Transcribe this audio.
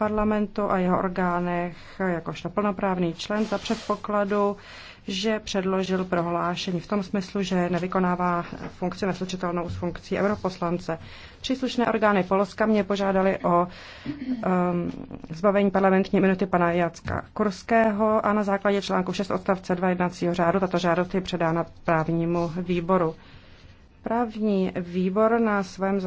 parlamentu a jeho orgánech jakožto plnoprávný člen za předpokladu, že předložil prohlášení v tom smyslu, že nevykonává funkci neslučitelnou s funkcí europoslance. Příslušné orgány Polska mě požádali o um, zbavení parlamentní minuty pana Jacka Kurského a na základě článku 6 odstavce 2 jednacího řádu tato žádost je předána právnímu výboru. Právní výbor na svém